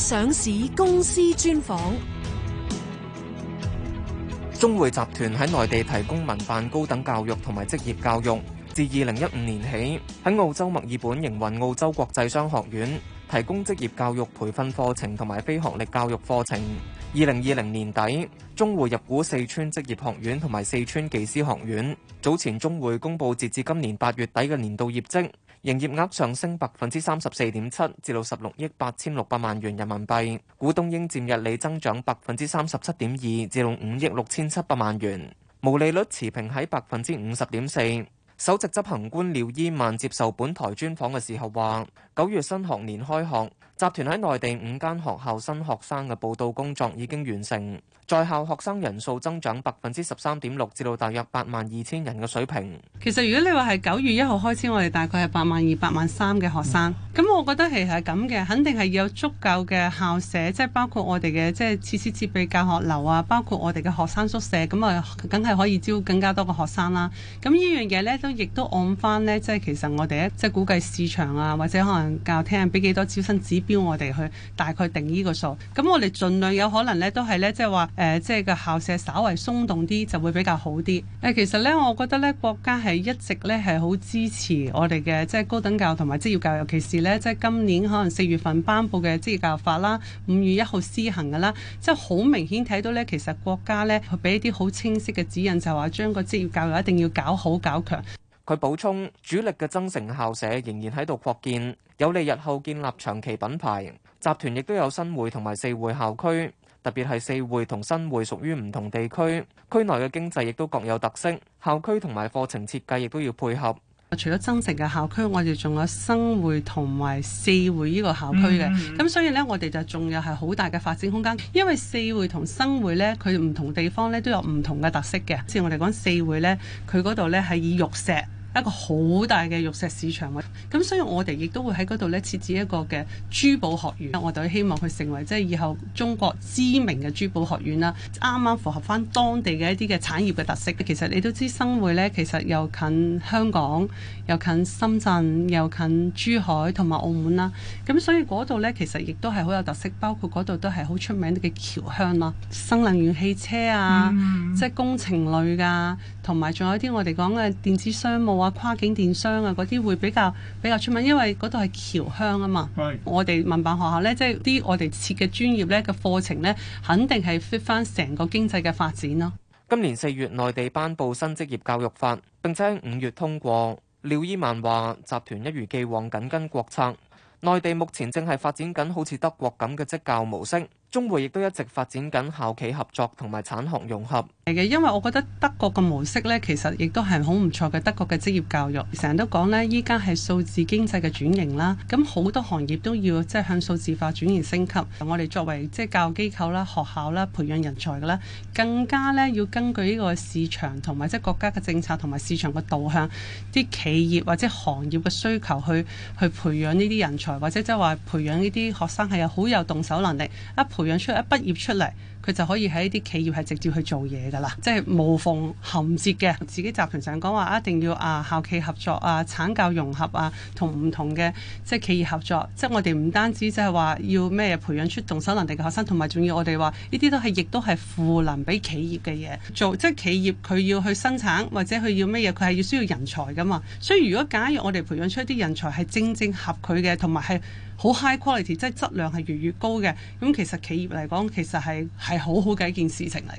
上市公司專訪。中匯集團喺內地提供民辦高等教育同埋職業教育，自二零一五年起喺澳洲墨爾本營運澳洲國際商學院，提供職業教育培訓課程同埋非學歷教育課程。二零二零年底，中匯入股四川職業學院同埋四川技師學院。早前中匯公佈截至今年八月底嘅年度業績。營業額上升百分之三十四點七，至到十六億八千六百萬元人民幣；股東應佔溢利增長百分之三十七點二，至到五億六千七百萬元；毛利率持平喺百分之五十點四。首席執行官廖伊曼接受本台專訪嘅時候話：九月新學年開學。集團喺內地五間學校新學生嘅報到工作已經完成，在校學生人數增長百分之十三點六，至到大約八萬二千人嘅水平。其實如果你話係九月一號開始，我哋大概係八萬二、八萬三嘅學生。咁 我覺得其實係咁嘅，肯定係要有足夠嘅校舍，即係包括我哋嘅即係設施設備、次次次教學樓啊，包括我哋嘅學生宿舍，咁啊，梗係可以招更加多嘅學生啦。咁呢樣嘢咧都亦都按翻呢，即係其實我哋即係估計市場啊，或者可能教廳俾幾多招生指標。要我哋去大概定呢個數，咁我哋盡量有可能咧，都係咧，即係話誒即係個校舍稍為鬆動啲就會比較好啲。誒。其實咧，我覺得咧，國家係一直咧係好支持我哋嘅即係高等教育同埋職業教育，尤其是咧即係今年可能四月份頒布嘅職業教育法啦，五月一號施行噶啦，即係好明顯睇到咧，其實國家咧俾一啲好清晰嘅指引，就話將個職業教育一定要搞好搞強。佢補充，主力嘅增城校舍仍然喺度擴建。有利日後建立長期品牌，集團亦都有新會同埋四會校區，特別係四會同新會屬於唔同地區，區內嘅經濟亦都各有特色，校區同埋課程設計亦都要配合。除咗增城嘅校區，我哋仲有新會同埋四會呢個校區嘅，咁、mm hmm. 所以呢，我哋就仲有係好大嘅發展空間，因為四會同新會呢，佢唔同地方呢都有唔同嘅特色嘅，似我哋講四會呢，佢嗰度呢係以玉石，一個好大嘅玉石市場位，咁所以我哋亦都會喺嗰度呢設置一個嘅珠寶學院，我哋希望佢成為即係以後中國知名嘅珠寶學院啦，啱啱符合返當地嘅一啲嘅產業嘅特色。其實你都知新會呢其實又近香港，又近深圳，又近珠海同埋澳門啦。咁所以嗰度呢，其實亦都係好有特色，包括嗰度都係好出名嘅僑鄉啦，新能源汽車啊，嗯、即係工程類㗎。同埋仲有啲我哋講嘅電子商務啊、跨境電商啊嗰啲會比較比較出名，因為嗰度係僑鄉啊嘛。的我哋民辦學校咧，即係啲我哋設嘅專業咧嘅課程咧，肯定係 fit 翻成個經濟嘅發展咯、啊。今年四月，內地頒布新職業教育法，並且喺五月通過。廖伊曼話集團一如既往緊跟國策，內地目前正係發展緊好似德國咁嘅職教模式。中滙亦都一直發展緊校企合作同埋產學融合，係嘅，因為我覺得德國嘅模式呢，其實亦都係好唔錯嘅。德國嘅職業教育成日都講呢，依家係數字經濟嘅轉型啦，咁好多行業都要即係向數字化轉型升級。我哋作為即係教育機構啦、學校啦、培養人才嘅啦，更加呢要根據呢個市場同埋即係國家嘅政策同埋市場嘅導向，啲企業或者行業嘅需求去去培養呢啲人才，或者即係話培養呢啲學生係有好有動手能力啊。培養出一畢業出嚟。佢就可以喺啲企業係直接去做嘢噶啦，即係無縫銜接嘅。自己集團上講話，啊，一定要啊校企合作啊產教融合啊，同唔同嘅即係企業合作。即係我哋唔單止即係話要咩培養出動手能力嘅學生，同埋仲要我哋話呢啲都係亦都係賦能俾企業嘅嘢做。即係企業佢要去生產或者佢要咩嘢，佢係要需要人才噶嘛。所以如果假若我哋培養出一啲人才係正正合佢嘅，同埋係好 high quality，即係質量係越越高嘅，咁其實企業嚟講其實係。係好好嘅一件事情嚟。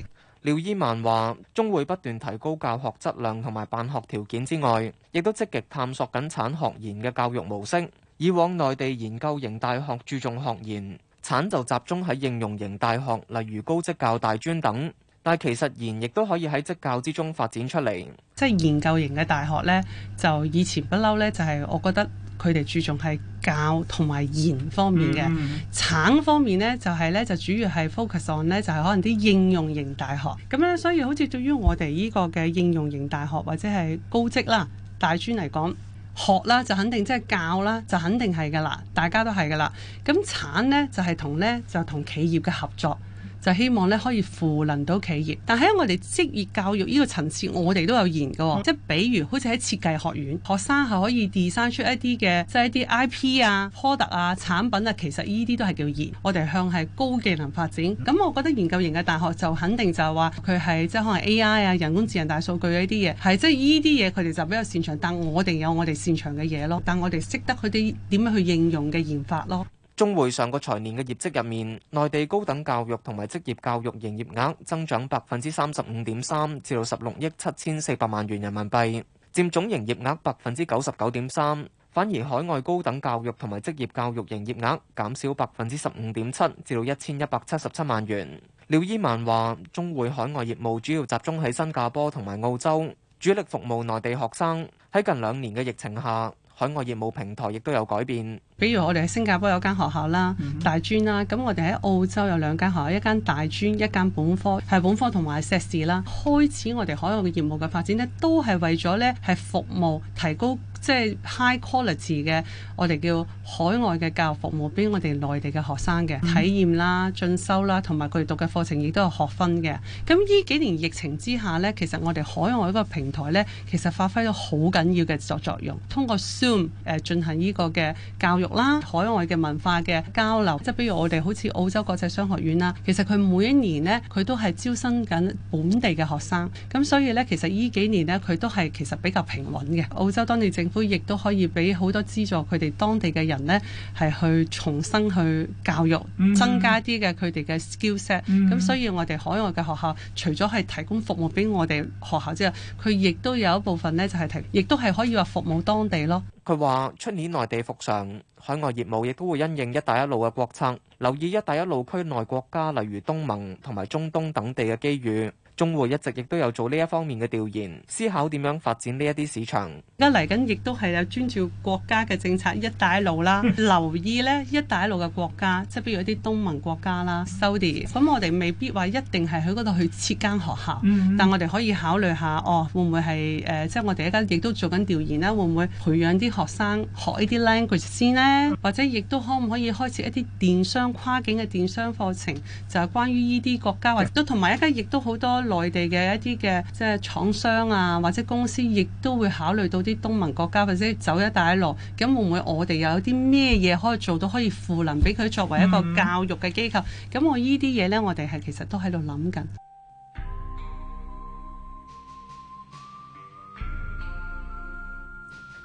廖伊曼話，中滙不斷提高教學質量同埋辦學條件之外，亦都積極探索緊產學研嘅教育模式。以往內地研究型大學注重學研，產就集中喺應用型大學，例如高職教大專等。但係其實研亦都可以喺職教之中發展出嚟。即係研究型嘅大學呢，就以前不嬲呢，就係我覺得。佢哋注重係教同埋研方面嘅，mm hmm. 產方面呢，就係呢，就主要係 focus on 呢就係可能啲應用型大學咁樣，所以好似對於我哋呢個嘅應用型大學或者係高職啦，大專嚟講學啦，就肯定即係教啦，就肯定係噶啦，大家都係噶啦，咁產呢，就係同呢，就同企業嘅合作。就希望咧可以賦能到企業，但喺我哋職業教育呢個層次，我哋都有研嘅，哦，即係比如好似喺設計學院，學生係可以 design 出一啲嘅即係一啲 IP 啊、product 啊、產品啊，其實呢啲都係叫研。我哋向係高技能發展，咁我覺得研究型嘅大學就肯定就係話佢係即係可能 AI 啊、人工智能、大數據呢啲嘢，係即係呢啲嘢佢哋就比較擅長，但我哋有我哋擅長嘅嘢咯，但我哋識得佢哋點樣去應用嘅研發咯。中滙上個財年嘅業績入面，內地高等教育同埋職業教育營業額增長百分之三十五點三，至到十六億七千四百萬元人民幣，佔總營業額百分之九十九點三。反而海外高等教育同埋職業教育營業額減少百分之十五點七，至到一千一百七十七萬元。廖伊曼話：中滙海外業務主要集中喺新加坡同埋澳洲，主力服務內地學生。喺近兩年嘅疫情下，海外業務平台亦都有改變，比如我哋喺新加坡有間學校啦，mm hmm. 大專啦，咁我哋喺澳洲有兩間學校，一間大專，一間本科，係本科同埋碩士啦。開始我哋海外嘅業務嘅發展呢，都係為咗呢係服務提高。即係 high quality 嘅，我哋叫海外嘅教育服務俾我哋內地嘅學生嘅，嗯、體驗啦、進修啦，同埋佢哋讀嘅課程亦都有學分嘅。咁依幾年疫情之下咧，其實我哋海外嗰個平台咧，其實發揮咗好緊要嘅作作用。通過 Zoom 誒、呃、進行呢個嘅教育啦、海外嘅文化嘅交流，即係比如我哋好似澳洲國際商學院啦，其實佢每一年咧佢都係招生緊本地嘅學生，咁所以咧其實依幾年咧佢都係其實比較平穩嘅。澳洲當地政亦都可以俾好多資助佢哋當地嘅人呢係去重新去教育，增加啲嘅佢哋嘅 skillset。咁 所以我哋海外嘅學校，除咗係提供服務俾我哋學校之外，佢亦都有一部分呢就係、是、提供，亦都係可以話服務當地咯。佢話：出年內地復常，海外業務亦都會因應「一帶一路」嘅國策，留意「一帶一路」區內國家，例如東盟同埋中東等地嘅機遇。中滙一直亦都有做呢一方面嘅調研，思考點樣發展呢一啲市場。而家嚟緊亦都係有遵照國家嘅政策「一帶一路」啦， 留意咧一帶一路嘅國家，即係比如一啲東盟國家啦、Saudi。咁我哋未必話一定係喺嗰度去設間學校，嗯嗯，但我哋可以考慮下，哦，會唔會係誒、呃，即係我哋一間亦都做緊調研啦，會唔會培養啲學生學呢啲 language 先呢？或者亦都可唔可以開設一啲電商跨境嘅電商課程？就係、是、關於呢啲國家，或者都同埋一間亦都好多。內地嘅一啲嘅即係廠商啊，或者公司，亦都會考慮到啲東盟國家，或者走一帶一路。咁會唔會我哋又有啲咩嘢可以做到，可以賦能俾佢作為一個教育嘅機構？咁、嗯、我呢啲嘢呢，我哋係其實都喺度諗緊。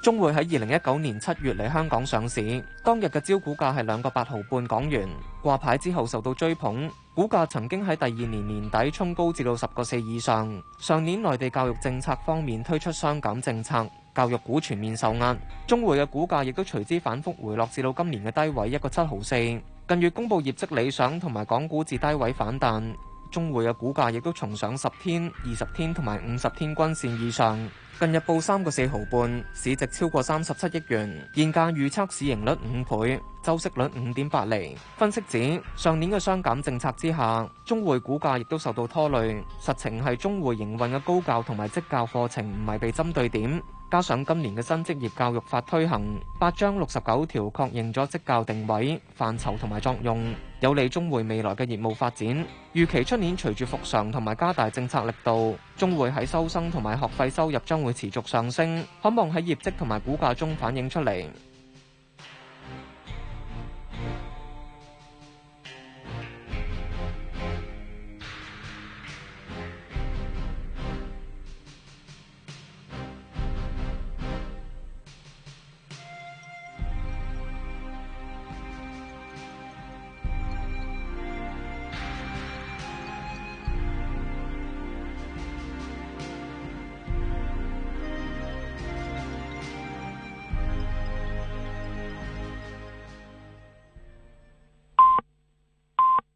中滙喺二零一九年七月嚟香港上市，當日嘅招股價係兩個八毫半港元。掛牌之後受到追捧，股價曾經喺第二年年底沖高至到十個四以上。上年內地教育政策方面推出雙減政策，教育股全面受壓，中滙嘅股價亦都隨之反復回落至到今年嘅低位一個七毫四。近月公布業績理想同埋港股至低位反彈，中滙嘅股價亦都重上十天、二十天同埋五十天均線以上。近日報三個四毫半，市值超過三十七億元，現價預測市盈率五倍，周息率五點八厘。分析指上年嘅雙減政策之下，中匯股價亦都受到拖累，實情係中匯營運嘅高教同埋職教課程唔係被針對點。加上今年嘅新職業教育法推行，八章六十九條確認咗職教定位、範疇同埋作用，有利中滙未來嘅業務發展。預期出年隨住復常同埋加大政策力度，中滙喺收生同埋學費收入將會持續上升，渴望喺業績同埋股價中反映出嚟。